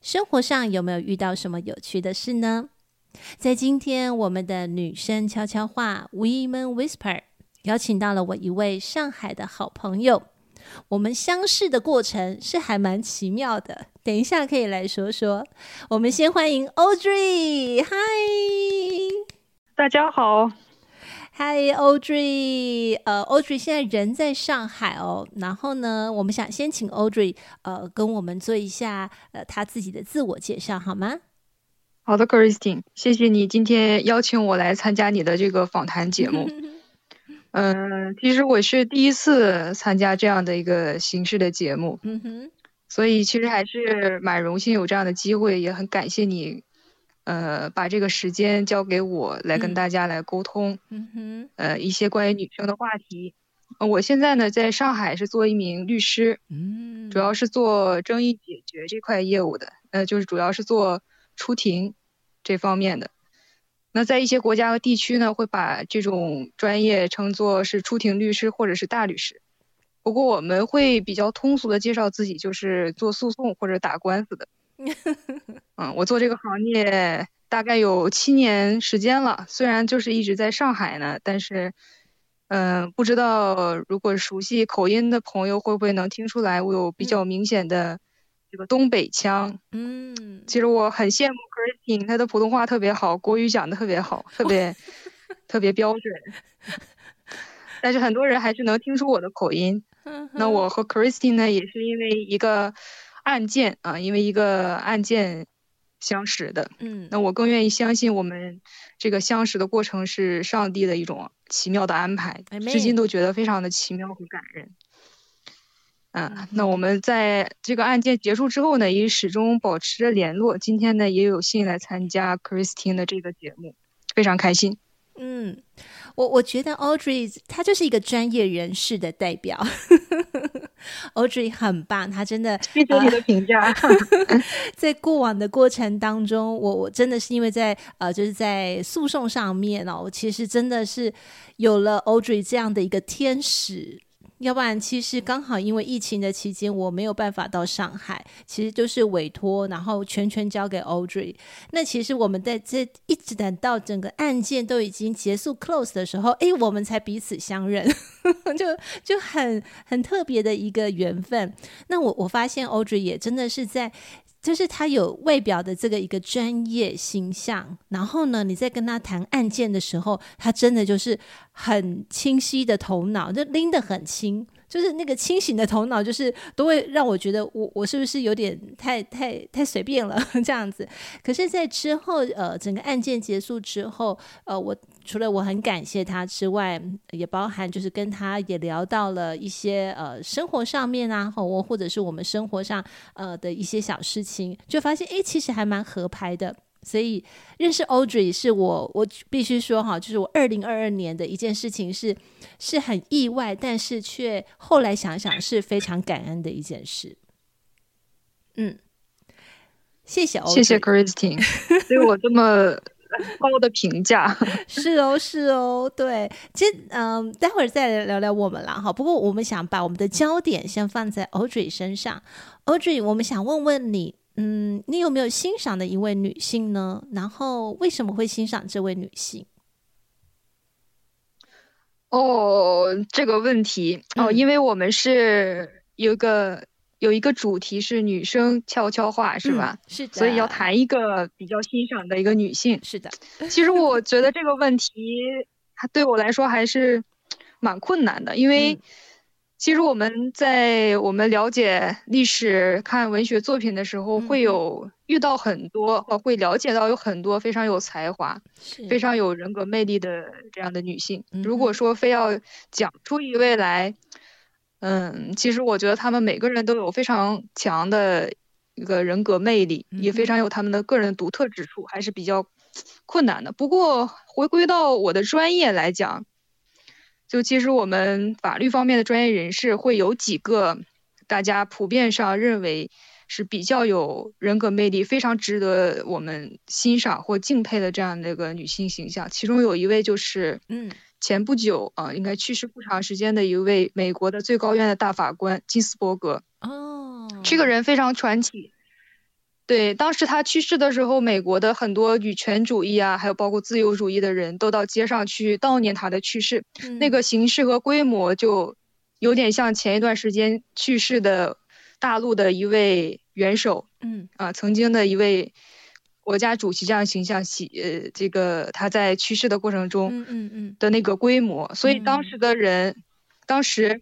生活上有沒有遇到什麼有趣的事呢？在今天，我們的女聲悄悄話 （Women Whisper） 邀請到了我一位上海的好朋友。我們相識的過程是還蠻奇妙的，等一下可以來說說。我們先歡迎 Audrey，Hi 大家好。嗨，Audrey，呃、uh,，Audrey 現在人在上海哦。然後呢，我們想先請 Audrey，呃，跟我們做一下呃她自己的自我介紹，好嗎？好的，Christine，謝謝你今天邀請我來參加你的這個訪談節目。嗯、 uh,，其實我是第一次參加這樣的一個形式的節目，嗯哼，所以其實還是蠻榮幸有這樣的機會，也很感謝你。呃，把這個時間交給我來跟大家來溝通。嗯，嗯哼，呃，一些關於女生的話題。我現在呢在上海是做一名律師，嗯，主要是做爭議解決這塊業務的。呃，就是主要是做出庭這方面的。那在一些國家和地區呢，會把這種專業稱作是出庭律師或者是大律師。不過我們會比較通俗的介紹自己，就是做訴訟或者打官司的。 嗯，我做這個行業大概有七年時間了。雖然就是一直在上海呢，但是，嗯、呃，不知道如果熟悉口音的朋友會不會能聽出來我有比較明顯的這個東北腔。嗯，其實我很羨慕 Christine，她的普通話特別好，國語講得特別好，特別 特別標準。 但是很多人還是能聽出我的口音。那我和 Christine 呢，也是因為一個。案件啊，因為一個案件相識的，嗯，那我更願意相信我們這個相識的過程是上帝的一種奇妙的安排，I mean. 至今都覺得非常的奇妙和感人。嗯、啊，mm -hmm. 那我們在這個案件結束之後呢，也始終保持着聯絡。今天呢，也有幸來參加 Christine 的這個節目，非常開心。嗯，我我覺得 Audrey 她就是一個專業人士的代表。 Audrey 很棒，他真的對你的評價。呃、 在過往的過程當中，我我真的是因為在呃就是在訴訟上面哦，我其實真的是有了 Audrey 這樣的一個天使。要不然，其實剛好因為疫情的期間，我沒有辦法到上海，其實就是委託，然後全權交給 Audrey。那其實我們在這一直等到整個案件都已經結束 close 的時候，誒，我們才彼此相認， 就就很很特別的一個緣分。那我我發現 Audrey 也真的是在。就是他有外表的這個一個專業形象，然後呢，你在跟他談案件的時候，他真的就是很清晰的頭腦，就拎得很清。就是那個清醒的頭腦，就是都會讓我覺得我，我我是不是有點太太太隨便了這樣子？可是，在之後呃，整個案件結束之後，呃，我除了我很感謝他之外，也包含就是跟他也聊到了一些呃生活上面啊，或或者是我們生活上呃的一些小事情，就發現誒其實還蠻合拍的。.所以認識 Audrey 是我，我必須說哈，就是我二零二二年的一件事情是是很意外，但是卻後來想想是非常感恩的一件事。嗯，謝謝、Audrey，謝謝 Christine 對我這麼高的評價。 是哦，是哦，對。其實，嗯、呃，待會兒再聊聊我們啦，哈。不過我們想把我們的焦點先放在 Audrey 身上，Audrey，我們想問問你。嗯，你有沒有欣賞的一位女性呢？然後為什麼會欣賞這位女性？哦，這個問題、嗯、哦，因為我們是有個有一個主題是女生悄悄話，是吧？嗯、是的，所以要談一個比較欣賞的一個女性。是的，其實我覺得這個問題 對我來說還是蠻困難的，因為、嗯。其實我們在我們了解歷史、看文學作品的時候，會有遇到很多，會了解到有很多非常有才華、非常有人格魅力的這樣的女性。如果說非要講出一位來，嗯，其實我覺得她們每個人都有非常強的一個人格魅力，也非常有她們的個人獨特之處，還是比較困難的。不過，回歸到我的專業來講。就其實我們法律方面的專業人士會有幾個，大家普遍上認為是比較有人格魅力、非常值得我們欣賞或敬佩的這樣的一個女性形象。其中有一位就是，嗯，前不久啊，應該去世不長時間的一位美國的最高院的大法官金斯伯格。哦，這個人非常傳奇。對，當時他去世的時候，美國的很多女權主義啊，還有包括自由主義的人都到街上去悼念他的去世，嗯，那個形式和規模就有點像前一段時間去世的大陸的一位元首，嗯啊，曾經的一位國家主席這樣形象，喜，呃，這個他在去世的過程中，嗯嗯嗯的那個規模，嗯嗯，所以當時的人，嗯，當時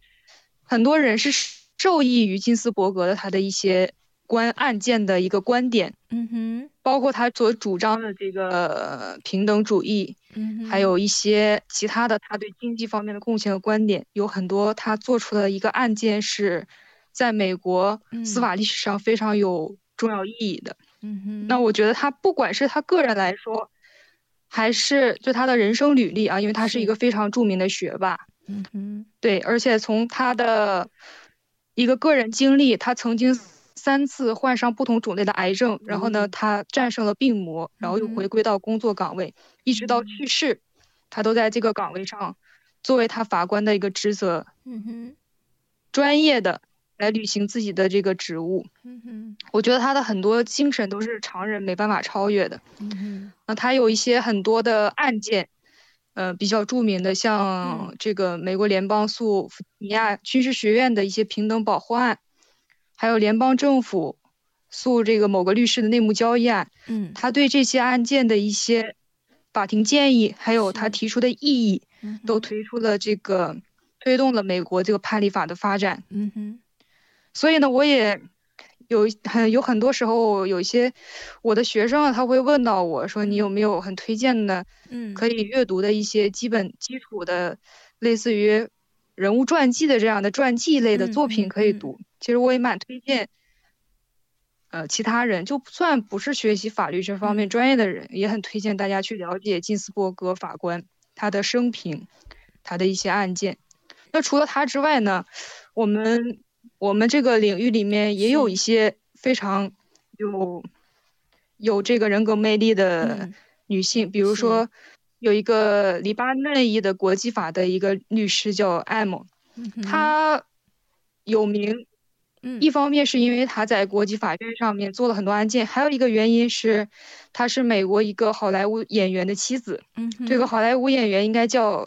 很多人是受益於金斯伯格的他的一些。關案件的一個觀點，嗯哼，包括他所主張的這個平等主義，嗯哼，還有一些其他的他對經濟方面的貢獻和觀點，有很多他做出的一個案件是在美國司法歷史上非常有重要意義的，嗯哼。那我覺得他不管是他個人來說，還是就他的人生履歷啊，因為他是一個非常著名的學霸，嗯哼，對，而且從他的一個個人經歷，他曾經。三次患上不同種類的癌症，嗯、然後呢，他戰勝了病魔，嗯、然後又回歸到工作崗位，嗯，一直到去世，他都在這個崗位上，作為他法官的一個職責，嗯哼，專業的來履行自己的這個職務，嗯哼，我覺得他的很多精神都是常人沒辦法超越的，嗯哼，那他有一些很多的案件，呃，比較著名的，像這個美國聯邦訴弗吉尼亞軍事學院的一些平等保護案。還有聯邦政府訴這個某個律師的內幕交易案，嗯，他對這些案件的一些法庭建議，還有他提出的異議，嗯，都推出了這個推動了美國這個判例法的發展，嗯哼。所以呢，我也有很有很多時候有一，有些我的學生啊，他會問到我說，你有沒有很推薦的，嗯，可以閱讀的一些基本基礎的，嗯，類似於。人物傳記的這樣的傳記類的作品可以讀，嗯嗯、其實我也蠻推薦，嗯、呃，其他人就算不是學習法律這方面專業的人，嗯、也很推薦大家去了解金斯伯格法官他的生平，他的一些案件。那除了他之外呢，我們我們這個領域裡面也有一些非常有、嗯、有這個人格魅力的女性，嗯、比如說。有一個黎巴嫩裔的國際法的一個律師叫艾蒙、嗯，他有名、嗯，一方面是因為他在國際法院上面做了很多案件，還有一個原因是他是美國一個好萊塢演員的妻子，嗯，這個好萊塢演員應該叫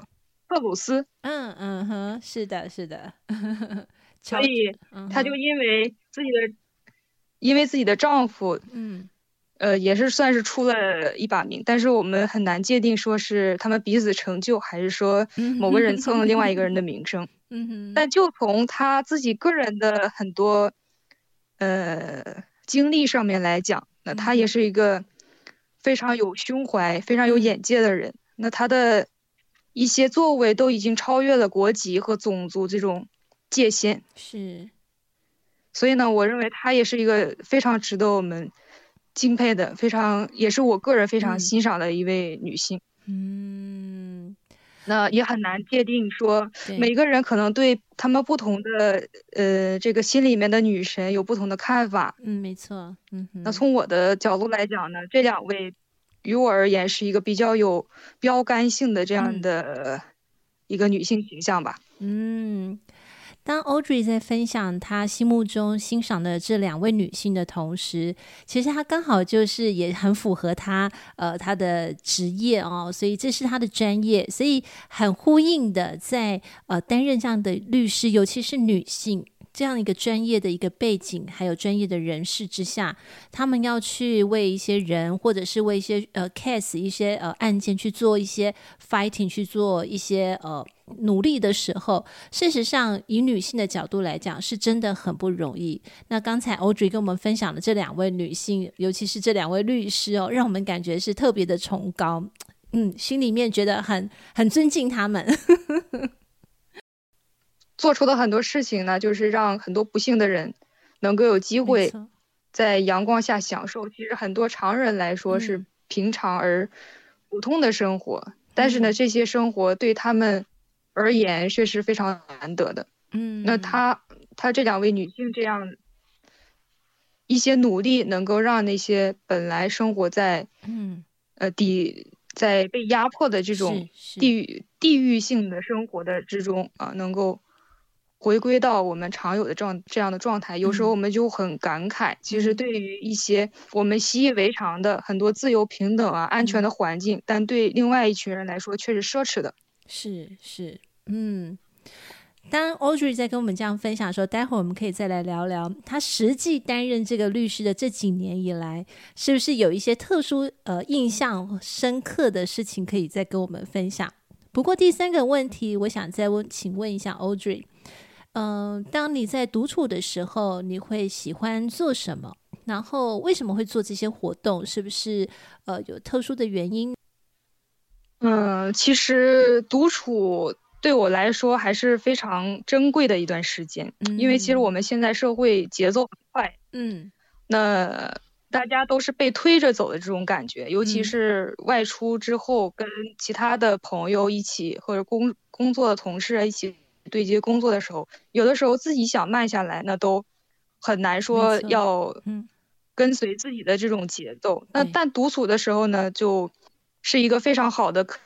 特魯斯，嗯嗯哼，是的，是的呵呵，所以他就因為自己的，嗯、因為自己的丈夫，嗯。呃，也是算是出了一把名，但是我們很難界定說是他們彼此成就，還是說某個人蹭了另外一個人的名聲。嗯， 但就從他自己個人的很多呃經歷上面來講，那他也是一個非常有胸懷、 非常有眼界的人。那他的一些作為都已經超越了國籍和種族這種界限。是，所以呢，我認為他也是一個非常值得我們敬佩的，非常也是我個人非常欣賞的一位女性。嗯，那也很難界定說每個人可能對他們不同的呃這個心裡面的女神有不同的看法。嗯，沒錯。嗯，那從我的角度來講呢，這兩位於我而言是一個比較有標杆性的這樣的一個女性形象吧。嗯。嗯當 Audrey 在分享她心目中欣賞的這兩位女性的同時，其實她剛好就是也很符合她呃她的職業哦，所以這是她的專業，所以很呼應的在呃擔任這樣的律師，尤其是女性。這樣一個專業的一個背景，還有專業的人士之下，他們要去為一些人，或者是為一些呃 case 一些呃案件去做一些 fighting，去做一些呃努力的時候，事實上，以女性的角度來講，是真的很不容易。那剛才歐 r 跟我們分享的這兩位女性，尤其是這兩位律師哦，讓我們感覺是特別的崇高，嗯，心裡面覺得很很尊敬他們。 做出的很多事情呢，就是讓很多不幸的人能夠有機會在陽光下享受。其實很多常人來說是平常而普通的生活，嗯嗯、但是呢，這些生活對他們而言卻是非常難得的。嗯，那他他這兩位女性這樣一些努力，能夠讓那些本來生活在嗯呃地在被壓迫的這種地域地域性的生活的之中啊，能夠。回歸到我們常有的狀這樣的狀態，有時候我們就很感慨。嗯、其實，對於一些我們習以為常的很多自由、平等啊、嗯、安全的環境，但對另外一群人來說卻是奢侈的。是是，嗯。當 Audrey 在跟我們這樣分享的時候，待會兒我們可以再來聊聊他實際擔任這個律師的這幾年以來，是不是有一些特殊呃印象深刻的事情可以再跟我們分享？不過第三個問題，我想再問，請問一下 Audrey。嗯、呃，當你在獨處的時候，你會喜歡做什麼？然後為什麼會做這些活動？是不是呃有特殊的原因？嗯、呃，其實獨處對我來說還是非常珍貴的一段時間，嗯，因為其實我們現在社會節奏很快，嗯，那大家都是被推着走的這種感覺，尤其是外出之後，跟其他的朋友一起或者工工作的同事一起。對接工作的時候，有的時候自己想慢下來，那都很難說要跟隨自己的這種節奏。嗯、那但獨處的時候呢，就是一個非常好的可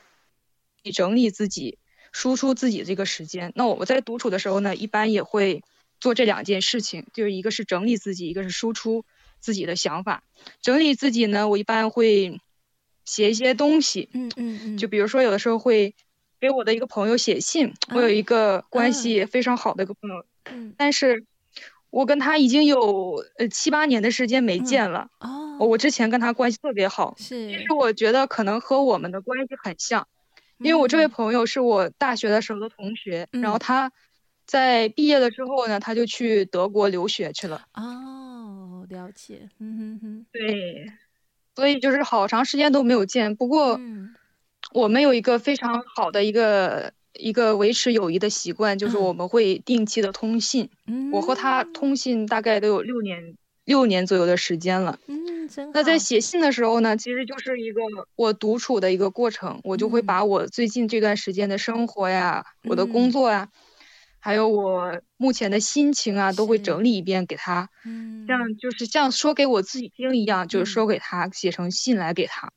以整理自己、輸出自己這個時間。那我在獨處的時候呢，一般也會做這兩件事情，就是一個是整理自己，一個是輸出自己的想法。整理自己呢，我一般會寫一些東西，嗯嗯嗯，就比如說有的時候會。給我的一個朋友寫信、嗯，我有一個關係非常好的一個朋友，嗯嗯、但是我跟他已經有呃七八年的時間沒見了、嗯、哦我之前跟他關係特別好，是，其實我覺得可能和我們的關係很像、嗯，因為我這位朋友是我大學的時候的同學，嗯、然後他在畢業了之後呢，他就去德國留學去了。哦，了解，嗯哼哼，對，所以就是好長時間都沒有見，不過。嗯我們有一個非常好的一個一個維持友誼的習慣，就是我們會定期的通信。嗯，嗯我和他通信大概都有六年六年左右的時間了。嗯，真好，那在寫信的時候呢，其實就是一個我獨處的一個過程。嗯、我就會把我最近這段時間的生活呀、嗯、我的工作呀、嗯，還有我目前的心情啊，都會整理一遍給他。嗯，像就是像說給我自己聽一樣，嗯、就是說給他、嗯、寫成信來給他。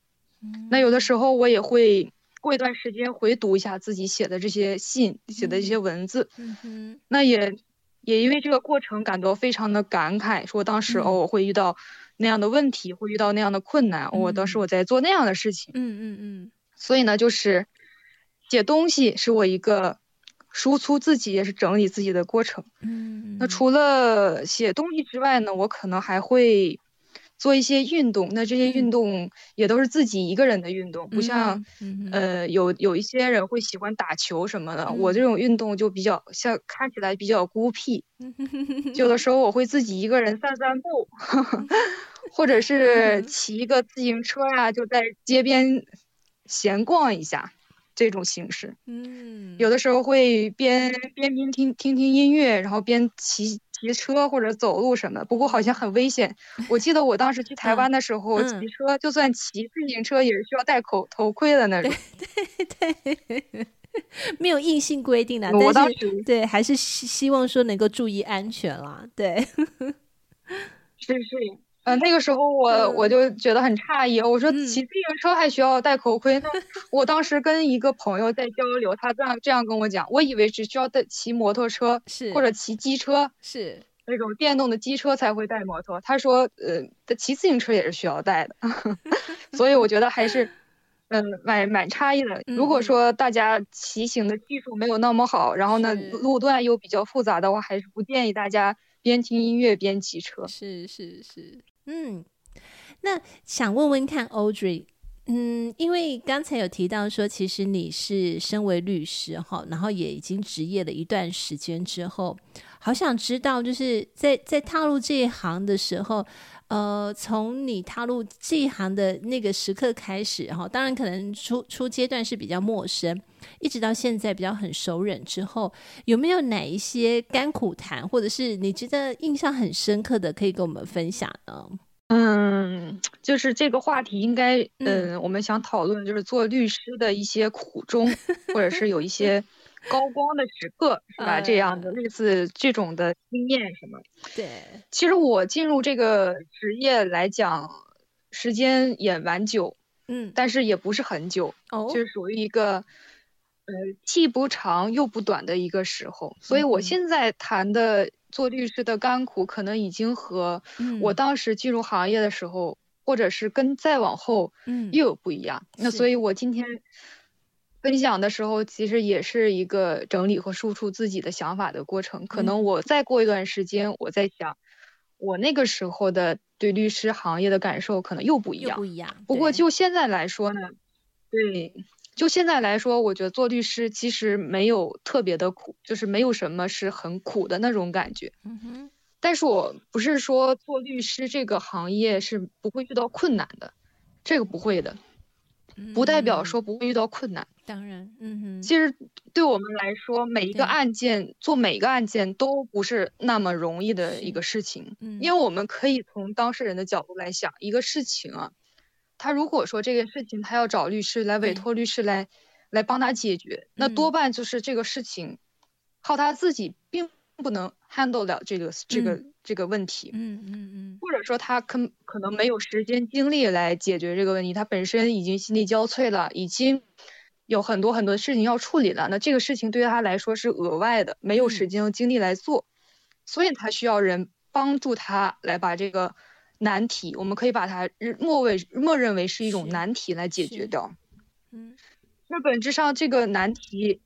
那有的時候我也會過一段時間回讀一下自己寫的這些信，寫的這些文字嗯，嗯，嗯，那也也因為這個過程感到非常的感慨，說當時、嗯、哦我會遇到那樣的問題，會遇到那樣的困難，嗯哦、我當時我在做那樣的事情，嗯嗯嗯，所以呢就是寫東西是我一個輸出自己也是整理自己的過程、嗯嗯，那除了寫東西之外呢，我可能還會。做一些運動，那這些運動也都是自己一個人的運動，嗯、不像、嗯，呃，有有一些人會喜歡打球什麼的、嗯。我這種運動就比較像，看起來比較孤僻。有、嗯、的時候我會自己一個人散散步，嗯、 或者是騎一個自行車呀、啊嗯，就在街邊閒逛一下這種形式、嗯。有的時候會邊邊邊聽聽聽音樂，然後邊騎。騎車或者走路什麼，不過好像很危險。我記得我當時去台灣的時候，騎、 嗯嗯、車就算騎自行車也是需要戴口頭盔的那種。對對，對呵呵，沒有硬性規定的、啊， 我當時對還是希希望說能夠注意安全啦、啊。對， 是是。嗯、呃，那個時候我、嗯、我就覺得很詫異，我說騎自行車還需要戴頭盔。嗯、那我當時跟一個朋友在交流，他這樣這樣跟我講，我以為只需要帶騎摩托車是或者騎機車是那種電動的機車才會戴摩托。他說，呃，騎自行車也是需要戴的， 所以我覺得還是，嗯、呃，蠻蠻詫異的。如果說大家騎行的技術沒有那麼好，嗯、然後呢，路段又比較複雜的話，還是不建議大家邊聽音樂邊騎車。是是是。是。嗯，那想問問看 Audrey，嗯，因為剛才有提到說，其實你是身為律師哈，然後也已經職業了一段時間之後，好想知道，就是在在踏入這一行的時候。呃，從你踏入這一行的那個時刻開始，哈，當然可能初初階段是比較陌生，一直到現在比較很熟人之後，有沒有哪一些甘苦談，或者是你覺得印象很深刻的，可以跟我們分享呢？嗯，就是這個話題應該，嗯嗯，我們想討論就是做律師的一些苦衷， 或者是有一些。高光的時刻是吧？這樣的、uh, 類似這種的經驗什麼？對，其實我進入這個職業來講，時間也蠻久，嗯，但是也不是很久，哦、就屬於一個，呃，既不長又不短的一個時候。所以我現在談的做律師的甘苦，可能已經和我當時進入行業的時候，嗯、或者是跟再往後，嗯，又有不一樣、嗯。那所以我今天。分享的時候，其實也是一個整理和輸出自己的想法的過程。可能我再過一段時間我，我在想，我那個時候的對律師行業的感受可能又不一樣。不一樣。不過就現在來說呢，對，就現在來說，我覺得做律師其實沒有特別的苦，就是沒有什麼是很苦的那種感覺。嗯哼。但是我不是說做律師這個行業是不會遇到困難的，這個不會的。不代表說不會遇到困難。嗯，當然，嗯哼，其實對我們來說，每一個案件，做每一個案件都不是那麼容易的一個事情，嗯，因為我們可以從當事人的角度來想一個事情啊，他如果說這個事情他要找律師來委托律師來來幫他解決，嗯，那多半就是這個事情靠他自己，並。不能 handle 了這個這個、嗯、這個問題，嗯嗯嗯，或者說他可可能沒有時間精力來解決這個問題，嗯嗯、他本身已經心力交瘁了，已經有很多很多事情要處理了，那這個事情對於他來說是額外的，沒有時間和精力來做、嗯，所以他需要人幫助他來把這個難題，我們可以把它認默認默認為是一種難題來解決掉。嗯，那本質上這個難題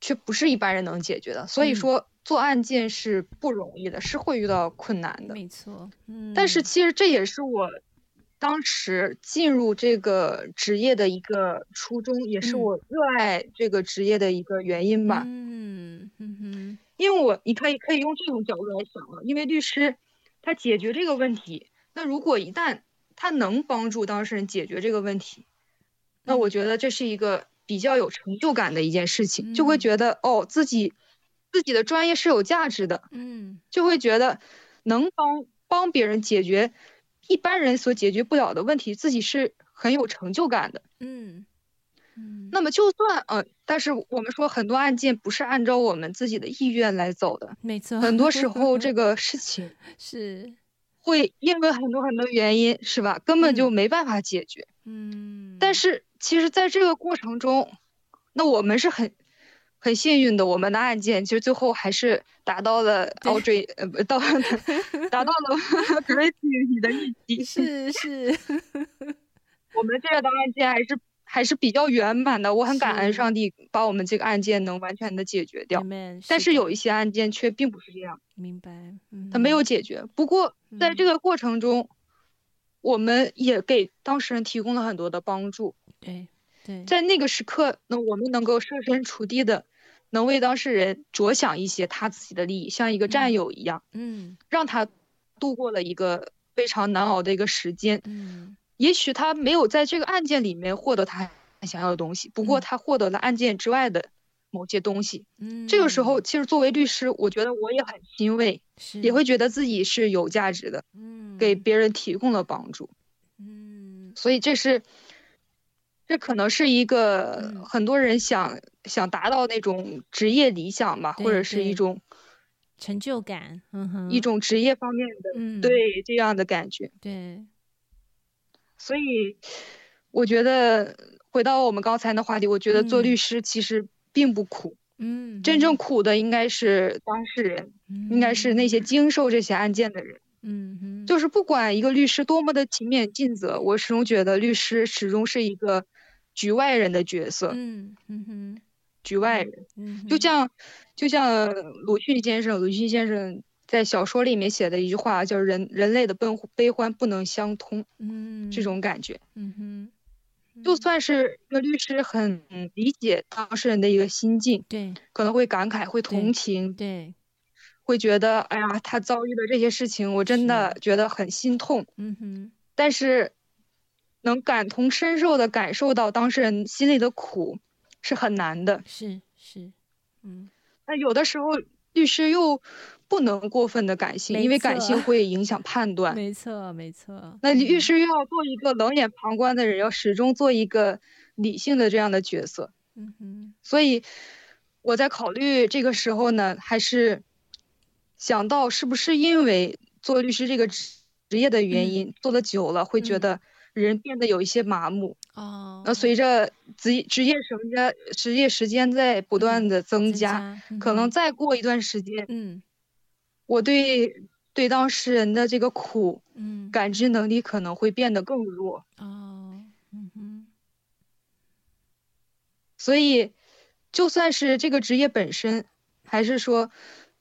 卻不是一般人能解決的，嗯、所以說。做案件是不容易的，是會遇到困難的，沒錯。嗯，但是其實這也是我當時進入這個職業的一個初衷、嗯，也是我熱愛這個職業的一個原因吧。嗯，嗯哼，因為我你可以可以用這種角度來想了、啊，因為律師他解決這個問題，那如果一旦他能幫助當事人解決這個問題，那我覺得這是一個比較有成就感的一件事情，嗯、就會覺得、嗯、哦自己。自己的專業是有價值的，嗯，就會覺得能幫幫別人解決一般人所解決不了的問題，自己是很有成就感的，嗯嗯。那麼就算嗯、呃，但是我們說很多案件不是按照我們自己的意願來走的，沒錯。很多時候這個事情是會因為很多很多原因是，是吧？根本就沒辦法解決嗯，嗯。但是其實在這個過程中，那我們是很。很幸運的，我們的案件其實最後還是達到了 Audrey，呃，不，到達到了，Great，你的預期是是。是 我們這個的案件還是還是比較圓滿的，我很感恩上帝把我們這個案件能完全的解決掉。但是有一些案件卻並不是這樣，明白？他、嗯、它沒有解決。不過在這個過程中、嗯，我們也給當事人提供了很多的幫助。對對，在那個時刻呢，那我們能夠設身處地的。能為當事人着想一些，他自己的利益，像一個戰友一樣，嗯，嗯，讓他度過了一個非常難熬的一個時間，嗯，也許他沒有在這個案件裡面獲得他想要的東西，不過他獲得了案件之外的某些東西，嗯，這個時候其實作為律師，我覺得我也很欣慰，是，也會覺得自己是有價值的，嗯，給別人提供了幫助，嗯，所以這是，這可能是一個，嗯，很多人想想達到那種職業理想吧，對，對或者是一種成就感，嗯，一種職業方面的，嗯、對這樣的感覺。對，所以我覺得回到我們剛才的話題，我覺得做律師其實並不苦，嗯，真正苦的應該是當事人，嗯，應該是那些經受這些案件的人，嗯，就是不管一個律師多麼的勤勉盡責，我始終覺得律師始終是一個局外人的角色，嗯嗯局外人，嗯、mm -hmm.，就像，就像魯迅先生，魯迅先生在小說裡面寫的一句話，叫人“人人類的悲悲歡不能相通”，嗯、mm -hmm.，這種感覺，嗯哼，就算是一個律師，很理解當事人的一個心境，對、mm -hmm.，可能會感慨，會同情，對、mm -hmm.，會覺得，哎呀，他遭遇了這些事情，我真的覺得很心痛，mm -hmm. 但是能感同身受的感受到當事人心裡的苦。是很難的，是是，嗯，那有的時候律師又不能過分的感性，因為感性會影響判斷。沒錯沒錯，那律師又要做一個冷眼旁觀的人，嗯，要始終做一個理性的這樣的角色。嗯哼，所以我在考慮這個時候呢，還是想到是不是因為做律師這個職職業的原因，嗯、做的久了會覺得、嗯。人變得有一些麻木哦，那、oh, okay. 隨着職職業什麼的，職業時間在不斷的增加、嗯、增加，可能再過一段時間，嗯，我對對當事人的這個苦、嗯，感知能力可能會變得更弱，嗯、oh, okay. 所以就算是這個職業本身，還是說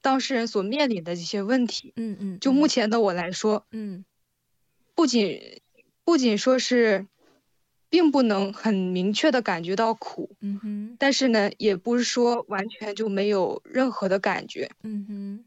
當事人所面臨的一些問題，嗯嗯，就目前的我來說，嗯，不僅。不僅說是，並不能很明確的感覺到苦、嗯，但是呢，也不是說完全就沒有任何的感覺，嗯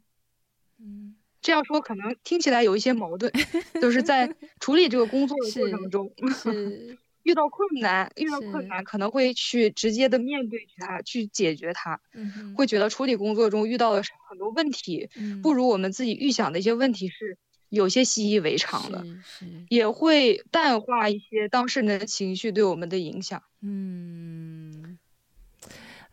嗯、這樣說可能聽起來有一些矛盾， 就是在處理這個工作的過程中， 是 遇到困難，遇到困難可能會去直接的面對它，去解決它、嗯，會覺得處理工作中遇到的很多問題、嗯，不如我們自己預想的一些問題是。有些習以為常了，也會淡化一些當事人的情緒對我們的影響。嗯，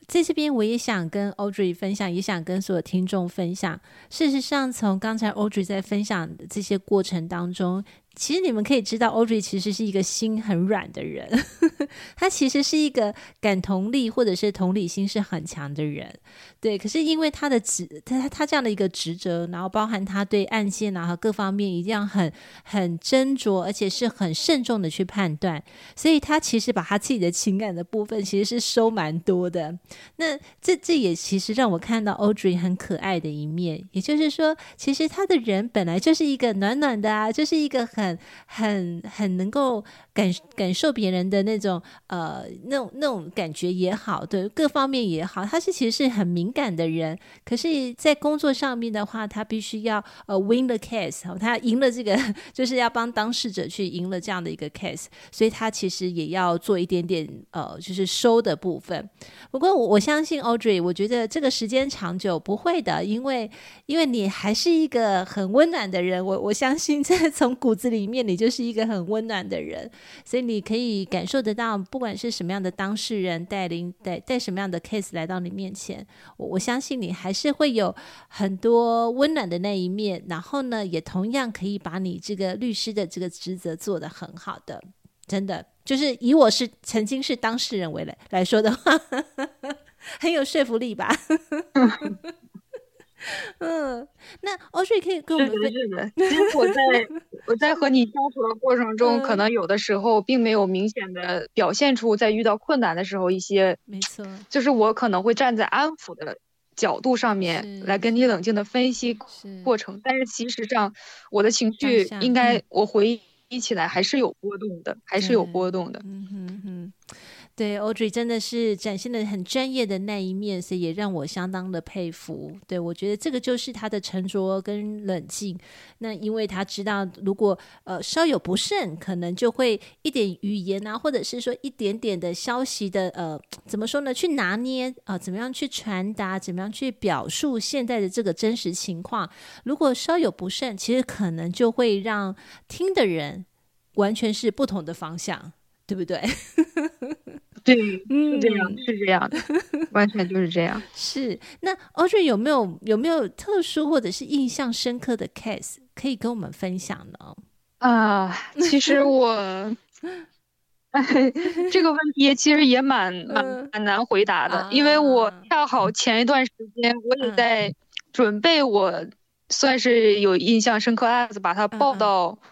在這邊我也想跟 Audrey 分享，也想跟所有聽眾分享。事實上，從剛才 Audrey 在分享的這些過程當中。其實你們可以知道，Audrey 其實是一個心很軟的人，呵呵他其實是一個感同力，或者是同理心是很強的人，對。可是因為他的職，他他這樣的一個職責，然後包含他對案件啊和各方面一定要很很斟酌，而且是很慎重的去判斷，所以他其實把他自己的情感的部分其實是收蠻多的。那這這也其實讓我看到 Audrey 很可愛的一面，也就是說，其實他的人本來就是一個暖暖的啊，就是一個很。很很很能夠感感受別人的那種呃那種那種感覺也好，對各方面也好，他是其實是很敏感的人。可是，在工作上面的話，他必須要呃 win the case，哦，他贏了這個就是要幫當事者去贏了這樣的一個 case，所以他其實也要做一點點呃就是收的部分。不過我，我相信 Audrey，我覺得這個時間長久不會的，因為因為你還是一個很溫暖的人，我我相信在從骨子。裡面你就是一個很溫暖的人，所以你可以感受得到，不管是什麼樣的當事人帶領帶帶什麼樣的 case 來到你面前，我我相信你還是會有很多溫暖的那一面，然後呢，也同樣可以把你這個律師的這個職責做得很好的，真的就是以我是曾經是當事人為來來說的話， 很有說服力吧。 嗯，那 Audrey、哦、可以跟我們分我在 我在和你相處的過程中、嗯，可能有的時候並沒有明顯的表現出在遇到困難的時候一些，沒錯，就是我可能會站在安撫的角度上面來跟你冷靜的分析過程，是但是其實這樣我的情緒應該我回憶起來還是有波動的，嗯、還是有波動的。嗯哼哼對，Audrey 真的是展現的很專業的那一面，所以也讓我相當的佩服。對，我覺得這個就是她的沉着跟冷靜。那因為她知道，如果呃稍有不慎，可能就會一點語言啊，或者是說一點點的消息的呃，怎麼說呢？去拿捏啊、呃，怎麼樣去傳達，怎麼樣去表述現在的這個真實情況。如果稍有不慎，其實可能就會讓聽的人完全是不同的方向。對不對？ 對，嗯，是這樣，是這樣的，完全就是這樣。 是那，Audrey 有沒有有沒有特殊或者是印象深刻的 case 可以跟我們分享呢？啊、呃，其實我， 哎，這個問題其實也蠻 蠻蠻難回答的，嗯、因為我恰好前一段時間、嗯、我也在準備我，我、嗯、算是有印象深刻的案子，把它報到、嗯。嗯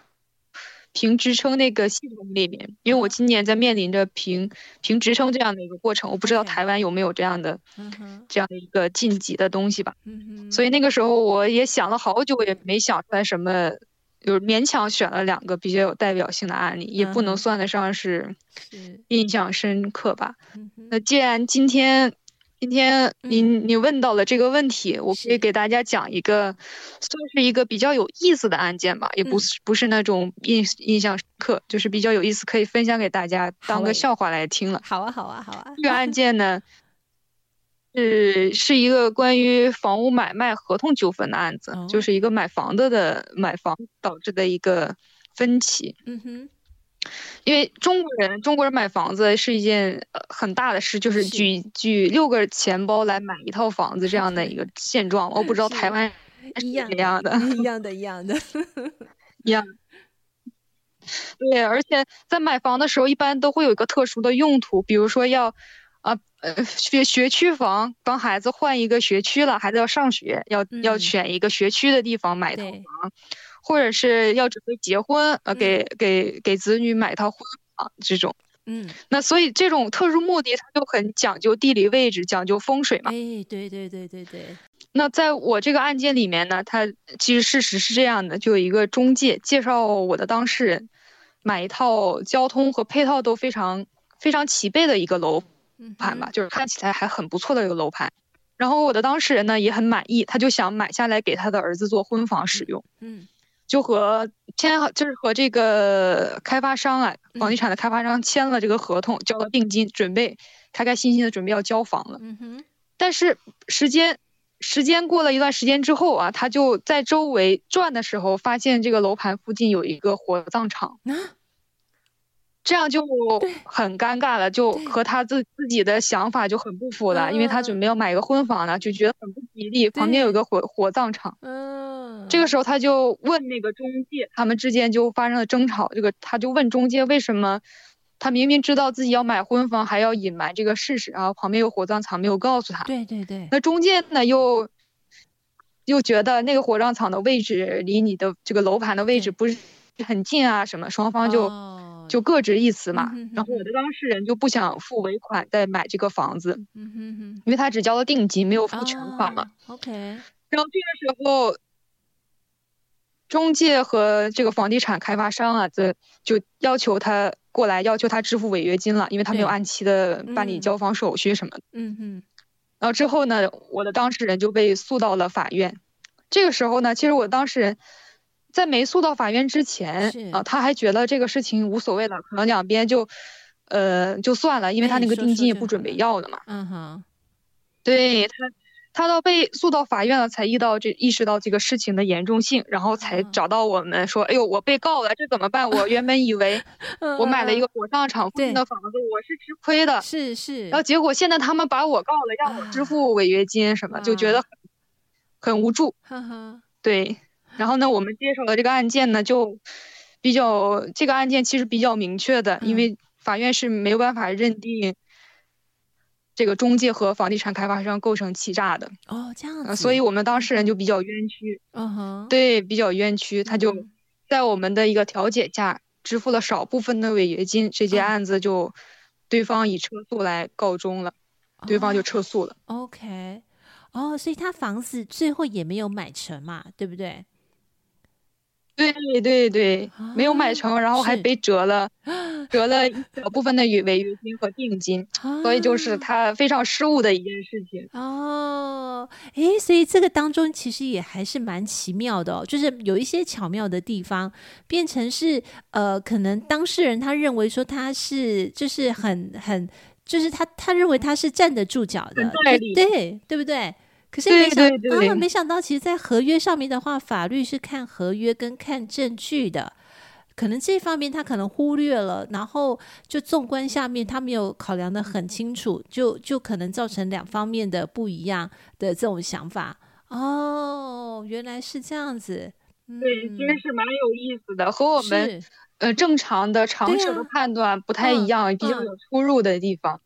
評職稱那個系統裡面，因為我今年在面臨着評評職稱這樣的一個過程，我不知道台灣有沒有這樣的、Okay. 這樣的一個晉級的東西吧。Mm -hmm. 所以那個時候我也想了好久，也沒想出來什麼，就是勉強選了兩個比較有代表性的案例，mm -hmm. 也不能算得上是印象深刻吧。Mm -hmm. 那既然今天。今天你你問到了這個問題，嗯，我可以給大家講一個，算是一個比較有意思的案件吧，嗯，也不是不是那種印印象深刻，就是比較有意思，可以分享給大家當個笑話來聽了。好啊，好啊，好啊。好啊 這個案件呢，是是一個關於房屋買賣合同糾紛的案子，嗯，就是一個買房子的買房導致的一個分歧。嗯哼。因為中國人，中國人買房子是一件很大的事，就是舉是舉六個錢包來買一套房子這樣的一個現狀。我、哦，不知道台灣是什麼樣的。一樣的，一樣的，一樣的， 一樣。對，而且在買房的時候，一般都會有一個特殊的用途，比如說要啊呃學學區房，幫孩子換一個學區了，孩子要上學，要、嗯、要選一個學區的地方買一套房。或者是要準備結婚，呃，給給給子女買一套婚房這種，嗯，那所以這種特殊目的他就很講究地理位置，講究風水嘛。哎，對對對對對。那在我這個案件裡面呢，他其實事實是這樣的，就有一個中介介紹我的當事人，買一套交通和配套都非常非常齊備的一個樓盤吧。嗯，就是看起來還很不錯的一個樓盤。然後我的當事人呢也很滿意，他就想買下來給他的兒子做婚房使用，嗯。嗯就和簽就是和這個開發商啊，房地產的開發商簽了這個合同，嗯、交了定金，準備開開心心的準備要交房了。嗯、但是時間時間過了一段時間之後啊，他就在周圍轉的時候，發現這個樓盤附近有一個火葬場。嗯這樣就很尷尬了，就和他自自己的想法就很不符了，嗯，因為他準備要買個婚房呢，就覺得很不吉利。旁邊有個火火葬場，嗯，這個時候他就問那個中介，他們之間就發生了爭吵。這個他就問中介，為什麼他明明知道自己要買婚房，還要隱瞞這個事實，然後旁邊有火葬場，沒有告訴他。對對對。那中介呢，又又覺得那個火葬場的位置離你的這個樓盤的位置不是很近啊，什麼，雙方就，哦就各執一詞嘛、嗯哼哼，然後我的當事人就不想付尾款再買這個房子，嗯、哼哼因為他只交了定金，沒有付全款嘛。OK，、啊、然後這個時候、嗯，中介和這個房地產開發商啊，這就，就要求他過來，要求他支付違約金了，因為他沒有按期的辦理交房手續什麼的。嗯嗯，然後之後呢，我的當事人就被訴到了法院，這個時候呢，其實我當事人。在沒訴到法院之前啊，他還覺得這個事情無所謂了，可能兩邊就，呃，就算了，因為他那個定金也不準備要的嘛。說說嗯哼。對他，他到被訴到法院了，才遇到這意識到這個事情的嚴重性，然後才找到我們、嗯、說：“哎呦，我被告了，這怎麼辦？嗯、我原本以為我買了一個火葬場附近的房子， 我是吃虧的，是是。然後結果現在他們把我告了，讓我支付違約金什麼，啊、就覺得很，很無助。哈、嗯、哼。對。”然後呢，我們接手的這個案件呢，就比較這個案件其實比較明確的，嗯、因為法院是沒有辦法認定這個中介和房地產開發商構成欺詐的。哦，這樣啊、呃，所以我們當事人就比較冤屈。嗯、哦、哼，對，比較冤屈、嗯，他就在我們的一個調解下支付了少部分的違約金，這件案子就對方以撤訴來告終了。哦、對方就撤訴了。OK，哦、oh，所以他房子最後也沒有買成嘛，對不對？對對對、啊，沒有買成，然後還被折了，折了一部分的違約 金和定金，啊、所以就是他非常失誤的一件事情。哦，誒，所以這個當中其實也還是蠻奇妙的、哦，就是有一些巧妙的地方變成是呃，可能當事人他認為說他是就是很很，就是他他認為他是站得住腳的，對對對不對？可是沒想到，對對對對啊、沒想到，其實，在合約上面的話，法律是看合約跟看證據的，可能這方面他可能忽略了，然後就縱觀下面他沒有考量的很清楚，就就可能造成兩方面的不一樣的這種想法。哦，原來是這樣子，嗯、對，真是蠻有意思的，和我們呃正常的常識的判斷不太一樣、啊嗯嗯，比較有出入的地方。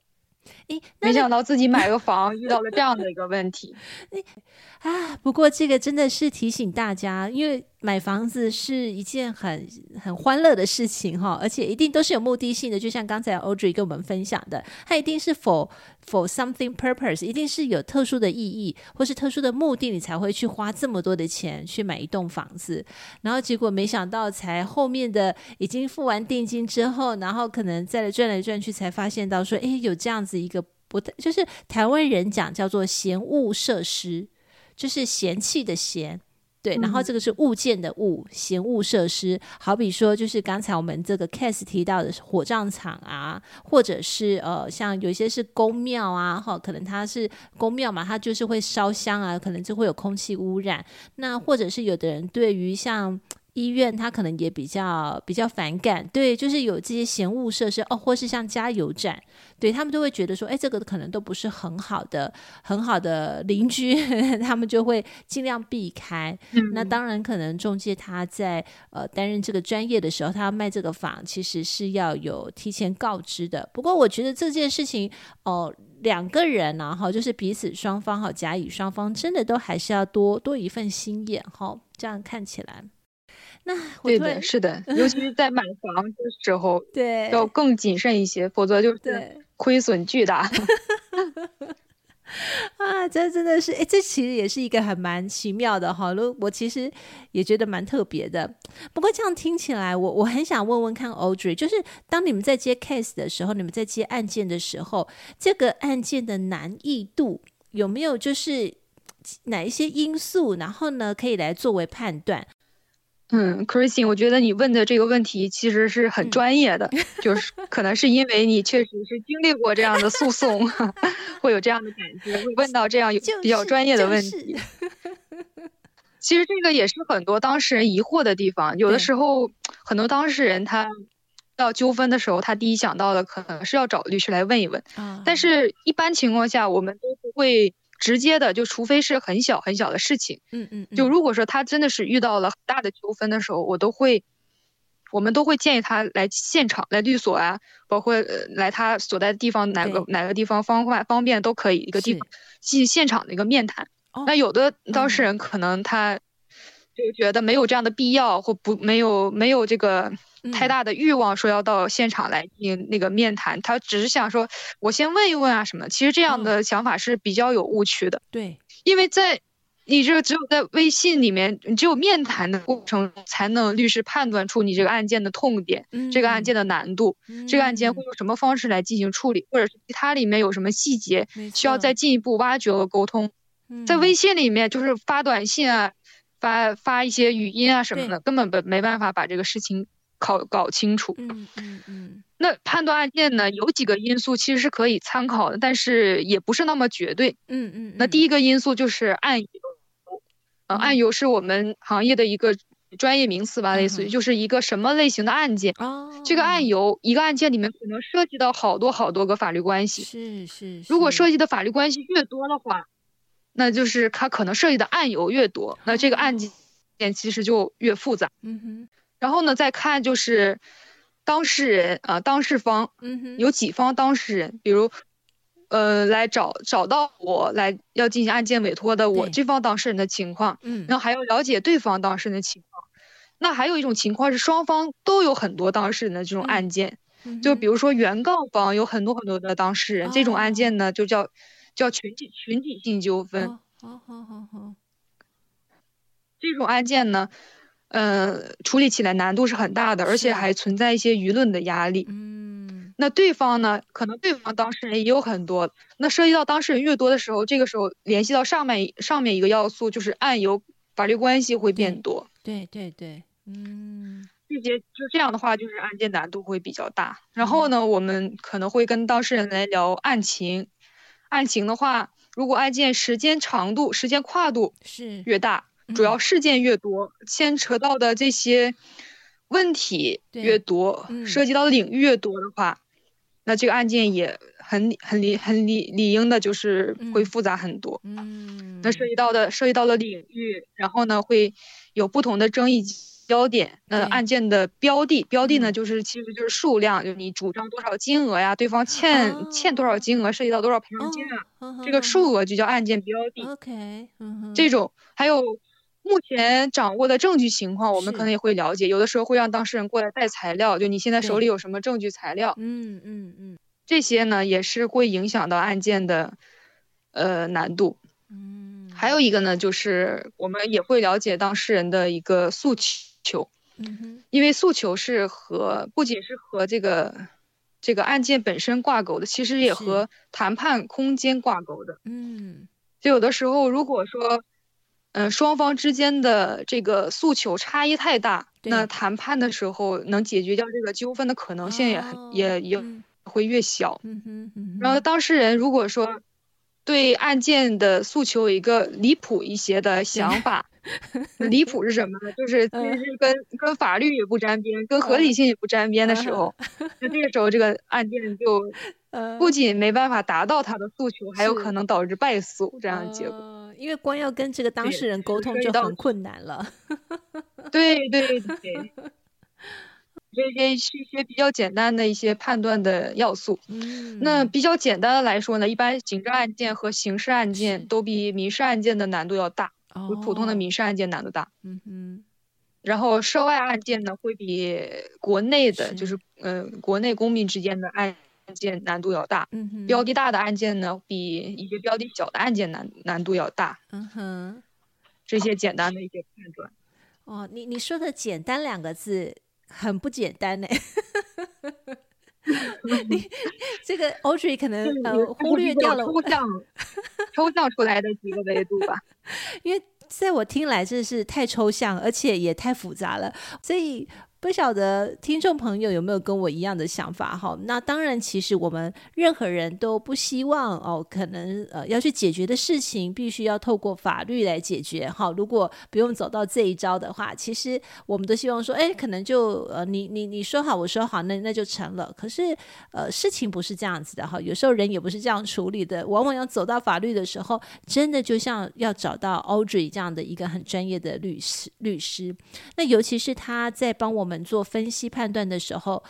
誒，沒想到自己買個房 遇到了這樣的一個問題。哎，啊，不過這個真的是提醒大家，因為。買房子是一件很很歡樂的事情哈、哦，而且一定都是有目的性的。就像剛才歐 y 跟我們分享的，它一定是否 for, for something purpose，一定是有特殊的意義或是特殊的目的，你才會去花這麼多的錢去買一棟房子。然後結果沒想到，才後面的已經付完定金之後，然後可能再來轉來轉去，才發現到說，哎，有這樣子一個不，就是台灣人講叫做嫌物設施，就是嫌棄的嫌。對、嗯，然後這個是物件的物，嫌惡設施，好比說，就是剛才我們這個 case 提到的火葬場啊，或者是呃，像有一些是宮廟啊，哈，可能它是宮廟嘛，它就是會燒香啊，可能就會有空氣污染，那或者是有的人對於像。醫院他可能也比較比較反感，對，就是有這些嫌惡設施哦，或是像加油站，對，他們都會覺得說，哎、欸，這個可能都不是很好的很好的鄰居，他們就會盡量避開。那當然，可能中介他在呃擔任這個專業的時候，他要賣這個房其實是要有提前告知的。不過我覺得這件事情哦，兩、呃、個人然、啊、後就是彼此雙方哈，甲乙雙方真的都還是要多多一份心眼哈，這樣看起來。那對的，是的，嗯，尤其是在買房的時候，對，要更謹慎一些，對，否則就是虧損巨大。 啊，這真，真的是，哎，這其實也是一個還蠻奇妙的哈。嘍我其實也覺得蠻特別的。不過這樣聽起來，我我很想問問看 Audrey，就是當你們在接 case 的時候，你們在接案件的時候，這個案件的難易度有沒有就是哪一些因素，然後呢可以來作為判斷？嗯，Christine，我覺得你問的這個問題其實是很專業的。嗯，就是可能是因為你確實是經歷過這樣的訴訟， 會有這樣的感覺，會問到這樣有比較專業的問題，就是就是。其實這個也是很多當事人疑惑的地方。有的時候，很多當事人他到糾紛的時候，他第一想到的可能是要找律師來問一問。嗯，但是，一般情況下，我們都不會。直接的，就除非是很小很小的事情，嗯嗯，嗯，就如果說他真的是遇到了很大的糾紛的時候，我都會，我們都會建議他來現場，來律所啊，包括來他所在的地方，哪個哪個地方方便方便都可以，一個地方進行現場的一個面談。Oh, 那有的當事人可能他、嗯。就覺得沒有這樣的必要，或不沒有沒有這個太大的慾望，說要到現場來進行那個面談。嗯、他只是想說，我先問一問啊什麼，其實這樣的想法是比較有誤區的、哦。對，因為在你這只有在微信裡面，你只有面談的過程，才能律師判斷出你這個案件的痛點，嗯、這個案件的難度，嗯、這個案件會用什麼方式來進行處理、嗯，或者是其他裡面有什麼細節需要再進一步挖掘和溝通。在微信裡面就是發短信啊。發發一些語音啊什麼的，根本沒沒辦法把這個事情搞搞清楚。嗯嗯嗯。那判斷案件呢，有幾個因素其實是可以參考的，但是也不是那麼絕對。嗯嗯，嗯。那第一個因素就是案由，嗯案由，嗯，是我們行業的一個專業名詞吧，嗯，類似於就是一個什麼類型的案件。嗯，這個案由，一個案件裡面可能涉及到好多好多個法律關係。是是，是。如果涉及的法律關係越多的話，那就是他可能涉及的案由越多，那這個案件其實就越複雜。嗯哼。然後呢，再看就是當事人啊、呃，當事方，嗯哼，有幾方當事人，嗯、比如，呃，來找找到我來要進行案件委托的，我這方當事人的情況、嗯。然後還要了解對方當事人的情況、嗯。那還有一種情況是雙方都有很多當事人的這種案件，嗯、就比如說原告方有很多很多的當事人，嗯、這種案件呢、哦、就叫。叫群體群體性糾紛，好好好好，這種案件呢，呃，處理起來難度是很大的，而且還存在一些輿論的壓力。嗯，那對方呢，可能對方當事人也有很多，那涉及到當事人越多的時候，這個時候聯繫到上面上面一個要素，就是案由法律關係會變多。對對對，對，嗯，這些就這樣的話，就是案件難度會比較大。然後呢，我們可能會跟當事人來聊案情。案情的話，如果案件時間長度、時間跨度是越大，是，主要事件越多，嗯，牽扯到的這些問題越多，涉及到的領域越多的話，嗯、那這個案件也很很理很理理應的就是會複雜很多。嗯，嗯，那涉及到的涉及到了領域，然後呢會有不同的爭議。焦點，那案件的標的，標的呢，就是其實就是數量，嗯、就是你主張多少金額呀，嗯、對方欠欠多少金額，涉及到多少賠償金啊、哦，這個數額就叫案件標的。OK，、哦、這種、哦、還有目前掌握的證據情況，我們可能也會了解，有的時候會讓當事人過來帶材料，就你現在手裡有什麼證據材料？嗯嗯嗯，這些呢也是會影響到案件的呃難度。嗯。還有一個呢，就是我們也會了解當事人的一個訴求，嗯哼，因為訴求是和不僅是和這個這個案件本身掛鈎的，其實也和談判空間掛鈎的，嗯，就有的時候如果說，嗯、呃，雙方之間的這個訴求差異太大，那談判的時候能解決掉這個糾紛的可能性也很、哦、也也會越小，嗯哼嗯哼，然後當事人如果說。對案件的訴求有一個離譜一些的想法， 離譜是什麼呢？就是其實跟、呃、跟法律也不沾邊、呃，跟合理性也不沾邊的時候、呃，那這個時候這個案件就不僅沒辦法達到他的訴求，呃、還有可能導致敗訴這樣的結果、呃。因為光要跟這個當事人溝通就很困難了。對對 對。對對這些一些比較簡單的一些判斷的要素。嗯、那比較簡單的來說呢，一般行政案件和刑事案件都比民事案件的難度要大，哦、比普通的民事案件難度大。嗯哼。然後涉外案件呢，會比國內的是就是嗯、呃、國內公民之間的案件難度要大。嗯、標的大的案件呢，比一些標的小的案件難難度要大。嗯哼。這些簡單的一些判斷。哦，你你說的“簡單”兩個字。很不簡單呢，欸， 你這個 Audrey 可能 呃，忽略掉了抽象出來的幾個維度吧， 因為在我聽來，這是太抽象，而且也太複雜了，所以。不曉得聽眾朋友有沒有跟我一樣的想法哈？那當然，其實我們任何人都不希望哦，可能呃要去解決的事情必須要透過法律來解決哈、哦。如果不用走到這一招的話，其實我們都希望說，哎，可能就呃你你你說好，我說好，那那就成了。可是呃，事情不是這樣子的哈。有時候人也不是這樣處理的，往往要走到法律的時候，真的就像要找到 Audrey 這樣的一個很專業的律師律師。那尤其是他在幫我們。做分析判斷的時候，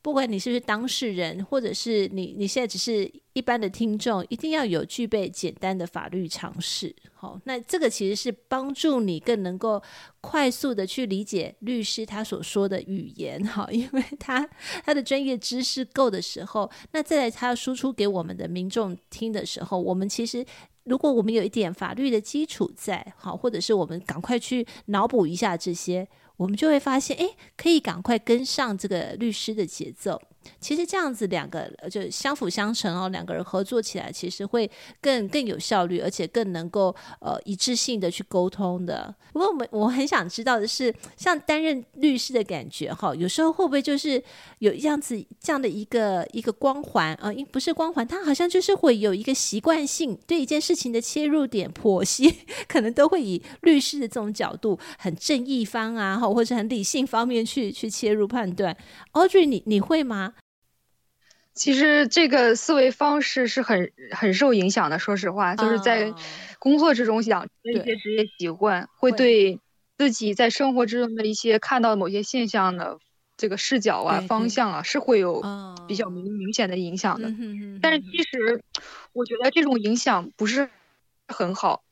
不管你是不是當事人，或者是你你現在只是一般的聽眾，一定要有具備簡單的法律常識。好，那這個其實是幫助你更能夠快速的去理解律師他所說的語言。好，因為他他的專業知識夠的時候，那再來他輸出給我們的民眾聽的時候，我們其實如果我們有一點法律的基礎在，好，或者是我們趕快去腦補一下這些。我們就會發現，哎，可以趕快跟上這個律師的節奏。其實這樣子兩個就相輔相成哦，兩個人合作起來其實會更更有效率，而且更能夠呃一致性的去溝通的。不過我們我很想知道的是，像擔任律師的感覺哈、哦，有時候會不會就是有這樣子這樣的一個一個光環啊、呃？因不是光環，他好像就是會有一個習慣性對一件事情的切入點剖析，可能都會以律師的這種角度，很正義方啊，或或者很理性方面去去切入判斷。Audrey，你你會嗎？其實這個思維方式是很很受影響的。說實話，就是在工作之中養成的一些職業習慣，嗯、對，會對自己在生活之中的一些看到某些現象的這個視角啊、方向啊，是會有比較明、嗯、明顯的影響的。嗯嗯嗯嗯、但是，其實我覺得這種影響不是很好。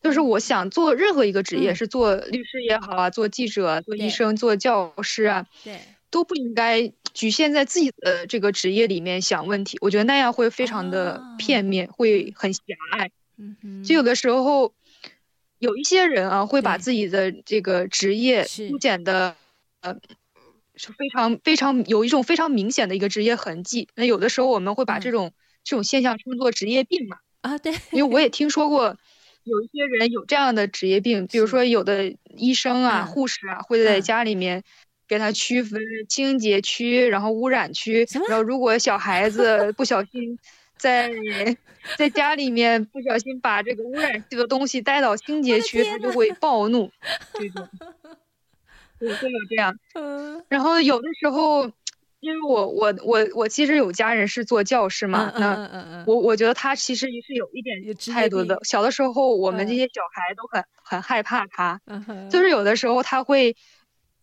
就是我想做任何一個職業，嗯、是做律師也好啊，做記者、啊、做醫生、做教師啊，對，對都不應該。局限在自己的這個職業裡面想問題，我覺得那樣會非常的片面，哦、會很狹隘。嗯，就有的時候，有一些人啊，會把自己的這個職業凸顯的，呃，是非常非常有一種非常明顯的一個職業痕跡。那有的時候我們會把這種、嗯、這種現象稱作職業病嘛？啊，對。因為我也聽說過， 有一些人有這樣的職業病，比如說有的醫生啊、護士啊、嗯，會在家裡面。嗯給它區分清潔區，然後污染區，然後如果小孩子不小心在 在家裡面不小心把這個污染區的東西帶到清潔區，它就會暴怒，這 種，就是這樣。然後有的時候，因為我我我我其實有家人是做教師嘛、嗯，那我我覺得他其實也是有一點就態度的。小的時候，我們這些小孩都很、嗯、很害怕他、嗯，就是有的時候他會。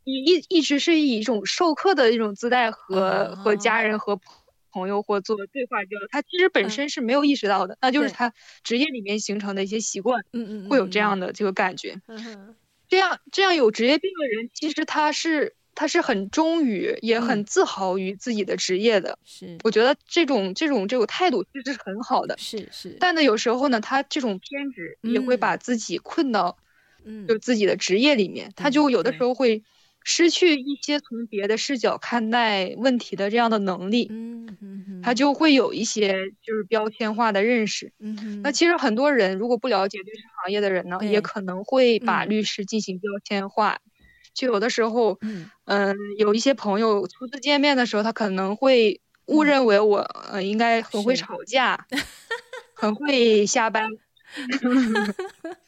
一一一直是以一種授課的一種姿態和、uh -huh. 和家人和朋友或做對話、uh -huh. 就是，他其實本身是沒有意識到的，uh -huh. 那就是他職業裡面形成的一些習慣，uh -huh. 會有這樣的這個感覺，uh -huh. 這樣這樣有職業病的人，其實他是他是很忠於也很自豪於自己的職業的，uh -huh. 我覺得這種這種這種態度其實是很好的，是是，但呢有時候呢，他這種偏執也會把自己困到，就自己的職業裡面，uh -huh. 他就有的時候會。失去一些從別的視角看待問題的這樣的能力，嗯，嗯，嗯他就會有一些就是標籤化的認識。嗯，嗯那其實很多人如果不了解律師行業的人呢，嗯、也可能會把律師進行標籤化。就、嗯、有的時候，嗯、呃，有一些朋友初次見面的時候，他可能會誤認為我、嗯呃、應該很會吵架，很會下班，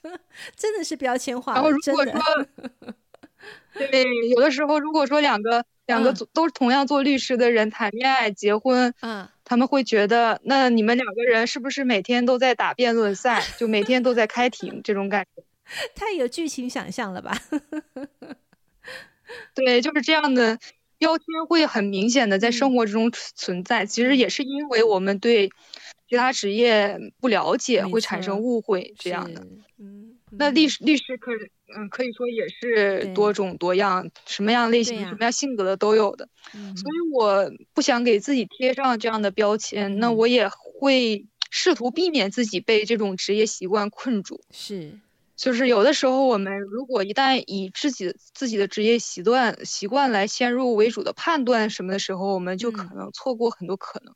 真的是標籤化，然後如果說。對，有的時候，如果說兩個、嗯、兩個都是同樣做律師的人談戀愛結婚，嗯，他們會覺得那你們兩個人是不是每天都在打辯論賽， 就每天都在開庭這種感覺？太有劇情想象了吧？ 對，就是這樣的標籤會很明顯的在生活之中存在、嗯。其實也是因為我們對其他職業不了解，會產生誤會這樣的。嗯。那律師律師可，嗯，可以說也是多種多樣，什麼樣類型、啊、什麼樣性格的都有的、嗯。所以我不想給自己貼上這樣的標籤、嗯，那我也會試圖避免自己被這種職業習慣困住。是，就是有的時候，我們如果一旦以自己自己的職業習慣習慣來先入為主的判斷什麼的時候，我們就可能錯過很多可能。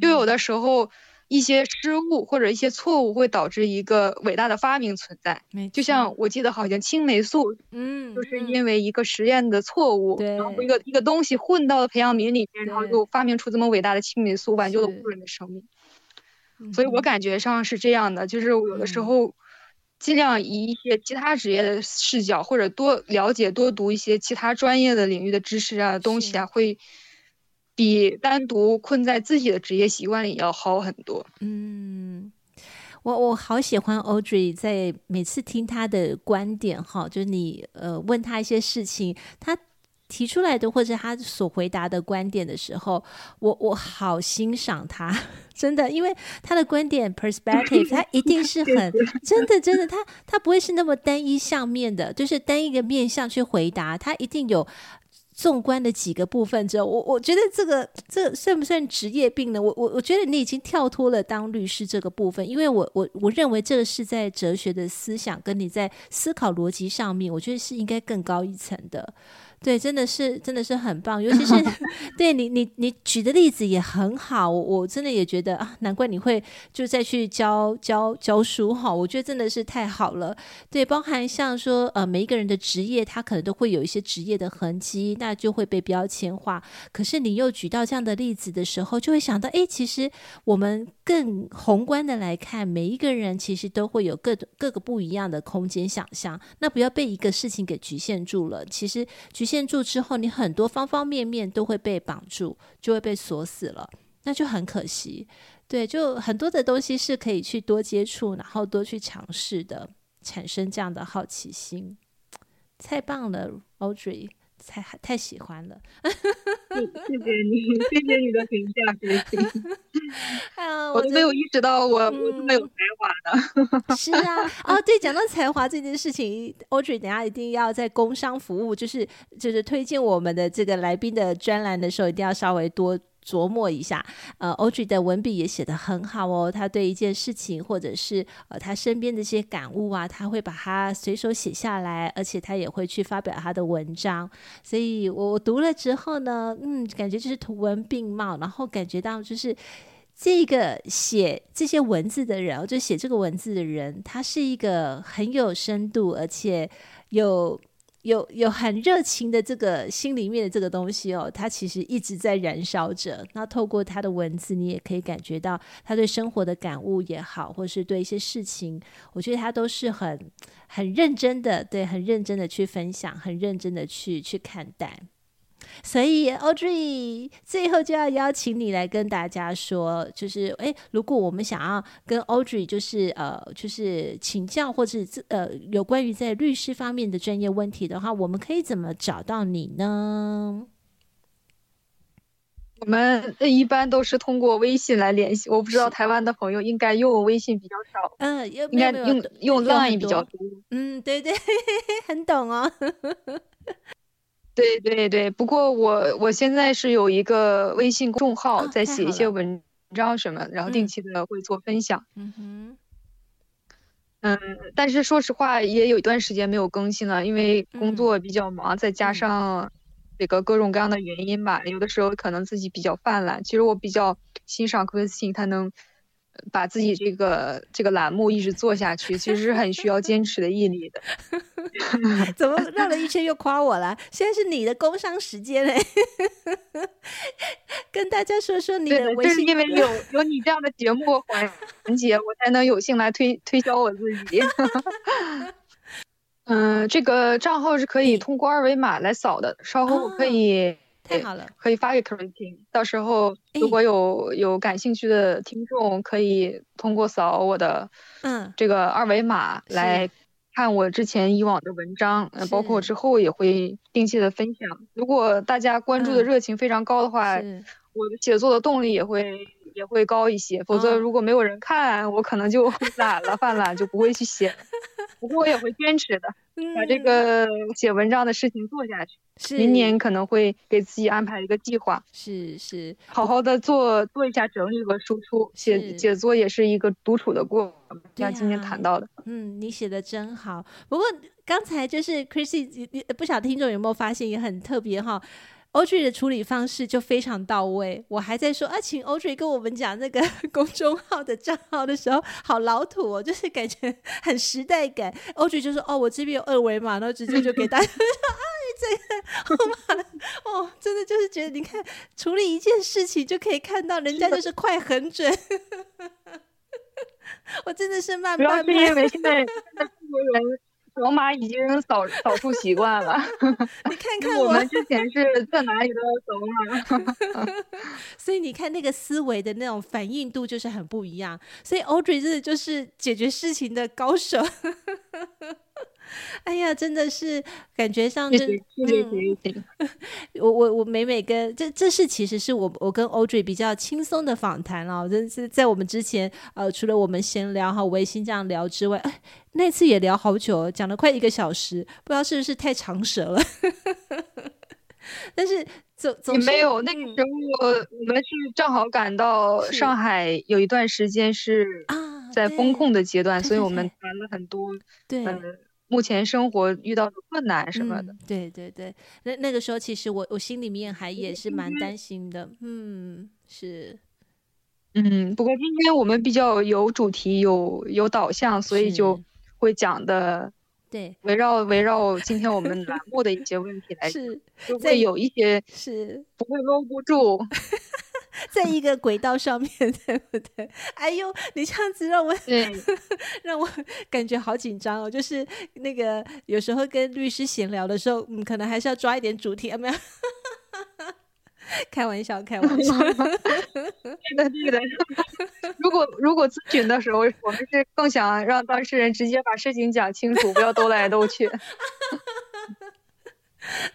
又、嗯、有的時候。一些失誤或者一些錯誤會導致一個偉大的發明存在，就像我記得好像青霉素，嗯，就是因為一個實驗的錯誤，然後一個一個東西混到了培養皿裡面，然後又發明出這麼偉大的青霉素，挽救了無數人的生命。所以我感覺上是這樣的，就是有的時候儘量以一些其他職業的視角，或者多了解、多讀一些其他專業的領域的知識啊、東西啊，會。比單獨困在自己的職業習慣裡要好很多。嗯，我我好喜歡 Audrey，在每次聽他的觀點哈，就是你呃問他一些事情，他提出來的或者他所回答的觀點的時候，我我好欣賞他，真的，因為他的觀點 perspective，他一定是很真的真的，他他不會是那麼單一向面的，就是單一個面向去回答，他一定有。縱觀的幾個部分之後，我，我覺得這個這算不算職業病呢？我我我覺得你已經跳脫了當律師這個部分，因為我我我認為這個是在哲學的思想跟你在思考邏輯上面，我覺得是應該更高一層的。對，真的是，真的是很棒，尤其是 對你，你，你，你舉的例子也很好，我我真的也覺得啊，難怪你會就再去教教教書哈，我覺得真的是太好了。對，包含像說呃，每一個人的職業，他可能都會有一些職業的痕跡，那就會被標籤化。可是你又舉到這樣的例子的時候，就會想到，哎，其實我們更宏觀的來看，每一個人其實都會有各各個不一樣的空間想象，那不要被一個事情給局限住了。其實局限。建築之後，你很多方方面面都會被綁住，就會被鎖死了，那就很可惜。對，就很多的東西是可以去多接觸，然後多去嘗試的，產生這樣的好奇心，太棒了，Audrey。太太喜歡了， 謝謝你，謝謝你的評價，謝 謝、 哎。我沒有意識到我、嗯、我沒有才華的， 是啊，啊、哦，對，講到才華這件事情，Audrey，等一下一定要在工商服務，就是就是推薦我們的這個來賓的專欄的時候，一定要稍微多。琢磨一下，呃，Audrey 的文筆也寫得很好哦。他對一件事情，或者是呃他身邊的一些感悟啊，他會把它隨手寫下來，而且他也會去發表他的文章。所以我讀了之後呢，嗯，感覺就是圖文並茂，然後感覺到就是這個寫這些文字的人，就寫這個文字的人，他是一個很有深度，而且有。有有很熱情的這個心裡面的這個東西哦，它其實一直在燃燒着。那透過他的文字，你也可以感覺到他對生活的感悟也好，或是對一些事情，我覺得他都是很很認真的，對，很認真的去分享，很認真的去去看待。所以 Audrey 最後就要邀請你來跟大家說，就是哎，如果我們想要跟 Audrey 就是呃，就是請教或者呃有關於在律師方面的專業問題的話，我們可以怎麼找到你呢？我們一般都是通過微信來聯繫，我不知道台灣的朋友應該用微信比較少，嗯，應該用用 LINE 比較多，多，嗯，對對， 很懂哦。 對對對，不過我我現在是有一個微信公眾號，在寫一些文章什麼、哦，然後定期的會做分享。嗯,嗯哼，嗯，但是說實話，也有一段時間沒有更新了，因為工作比較忙，嗯、再加上這個各種各樣的原因吧、嗯，有的時候可能自己比較犯懶。其實我比較欣賞克里斯汀他能。把自己這個這個欄目一直做下去，其實是很需要堅持的毅力的。 怎麼繞了一圈又誇我了？現在是你的工商時間嘞，欸， 跟大家說說你的微信對對。就是因為有 有，有你這樣的節目環環節，我才能有幸來推推銷我自己。嗯， 呃，這個賬號是可以通過二維碼來掃的，稍後我可以、哦。太好了，可以發給 Christine。到時候如果有、哎、有感興趣的聽眾，可以通過掃我的嗯這個二維碼來看我之前以往的文章，包括我之後也會定期的分享。如果大家關注的熱情非常高的話，嗯、我的寫作的動力也會。也會高一些，否則如果沒有人看，哦、我可能就懶了， 犯懶就不會去寫了。不過我也會堅持的，把這個寫文章的事情做下去。嗯、明年可能會給自己安排一個計劃，是是，好好的做做一下整理和輸出。寫寫作也是一個獨處的過程，像今天談到的。啊、嗯，你寫的真好。不過剛才就是 Christine，不曉得聽眾有沒有發現也很特別哈、哦？Audrey 的處理方式就非常到位，我還在說啊，請 Audrey 跟我們講那個公眾號的賬號的時候，好老土哦，就是感覺很時代感。Audrey 就說哦，我這邊有二維碼，然後直接就給大家 哎，這個好了 哦，真的就是覺得你看處理一件事情就可以看到人家就是快很準， 我真的是慢慢慢慢。 羅馬已經掃掃出習慣了， 你看看我， 我們之前是在哪裡都掃碼， 所以你看那個思維的那種反應度就是很不一樣。所以 Audrey 就是解決事情的高手。 哎呀，真的是感覺像這，的的的的嗯、我我我每每跟這，這是其實是我我跟歐 J 比較輕鬆的訪談了、啊。這是在我們之前呃，除了我們閒聊哈、微信這樣聊之外、哎，那次也聊好久，講了快一個小時，不知道是不是太長舌了。 但是走總總沒有那個，時候，我們是正好趕到上海，有一段時間是在風控的階段，啊、所以我們談了很多。嗯、對。目前生活遇到的困難什麼的，嗯、對對對，那那個時候其實我我心裡面還也是蠻擔心的，因為因為嗯，是，嗯，不過今天我們比較有主題，有有導向，所以就會講的，對，圍繞圍繞今天我們欄目的一些問題來， 是，就會有一些是不會 hold 不住。 在一個軌道上面， 對不對？哎呦，你這樣子讓我 讓我感覺好緊張哦。就是那個有時候跟律師閒聊的時候，嗯，可能還是要抓一點主題，啊、沒有？ 開玩笑，開玩笑。 對的，對的 如果如果諮詢的時候， 我們是更想讓當事人直接把事情講清楚， 不要兜來兜去。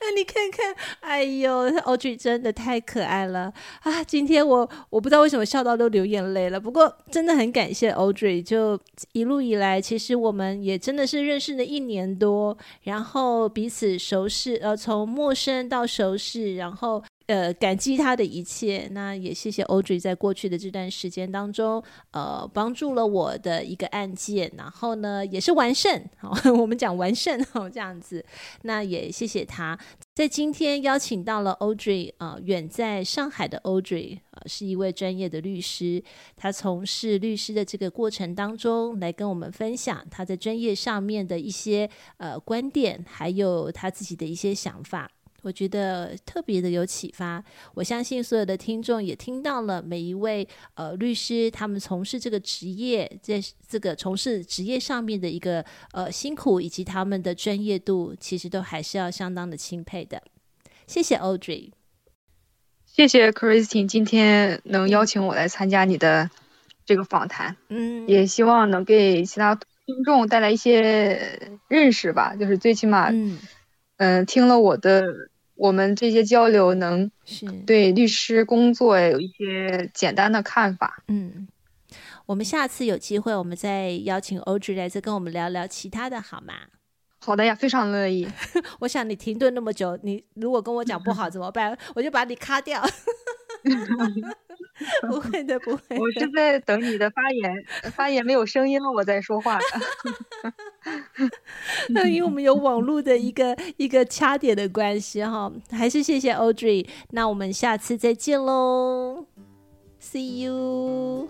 那、 啊、你看看，哎呦，Audrey 真的太可愛了啊！今天我我不知道為什麼笑到都流眼淚了，不過真的很感謝 Audrey，就一路以來，其實我們也真的是認識了一年多，然後彼此熟識，呃，從陌生到熟識，然後。呃，感激他的一切，那也謝謝歐 J 在過去的這段時間當中，呃，幫助了我的一個案件，然後呢，也是完勝，好、哦，我們講完勝，好這樣子，那也謝謝他，在今天邀請到了歐 J，啊，遠在上海的歐 J，啊，是一位專業的律師，他從事律師的這個過程當中，來跟我們分享他在專業上面的一些呃觀點，還有他自己的一些想法。我覺得特別的有啟發。我相信所有的聽眾也聽到了每一位呃律師他們從事這個職業，在這，這個從事職業上面的一個呃辛苦，以及他們的專業度，其實都還是要相當的欽佩的。謝謝 Audrey，謝謝 Christine，今天能邀請我來參加你的這個訪談，嗯，也希望能給其他聽眾帶來一些認識吧，就是最起碼，嗯，呃、聽了我的。我們這些交流能對律師工作有一些簡單的看法。嗯，我們下次有機會，我們再邀請 Audrey 來再跟我們聊聊其他的，好嗎？好的呀，非常樂意。 我想你停頓那麼久，你如果跟我講不好怎麼辦？ 我就把你咔掉。 不會的，不會的。我正在等你的發言，發言沒有聲音了，我在說話的。那 因為我們有網絡的一個 一個掐點的關係哈，還是謝謝 Audrey，那我們下次再見嘍，See you。